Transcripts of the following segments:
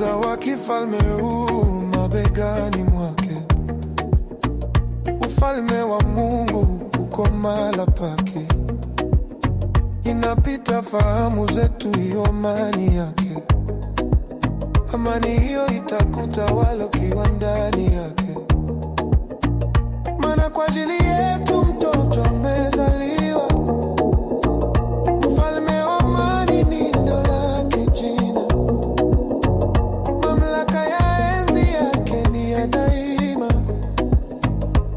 Uweza wa kifalme huu mabegani mwake, ufalme wa Mungu uko mala pake, inapita fahamu zetu, hiyo mani yake. Amani hiyo itakuta ukiwa ndani yake, maana kwa ajili yetu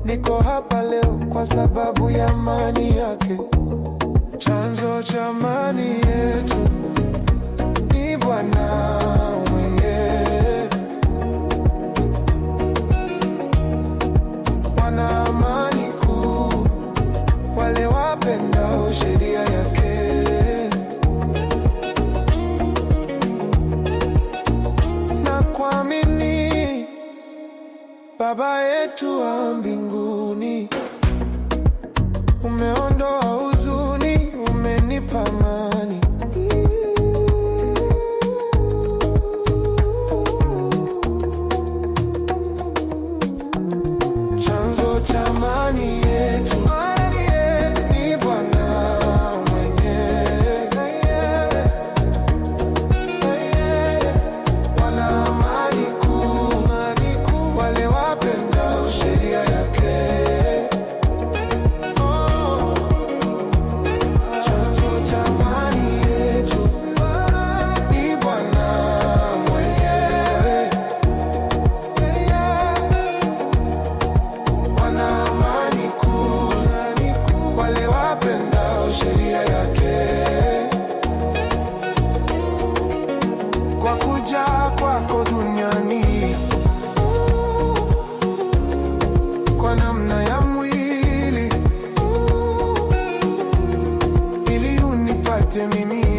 Niko hapa leo kwa sababu ya amani yake, chanzo cha amani yetu Baba yetu wa mbinguni umeona kuja kwako duniani kwa namna ya mwili ili unipate mimi